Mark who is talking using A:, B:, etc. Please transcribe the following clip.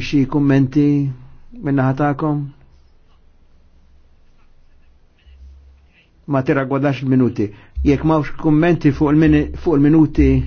A: Mxi kummenti minna ħatakom? Ma tira għadax minuti. Jek mawx kummenti fuq il-minuti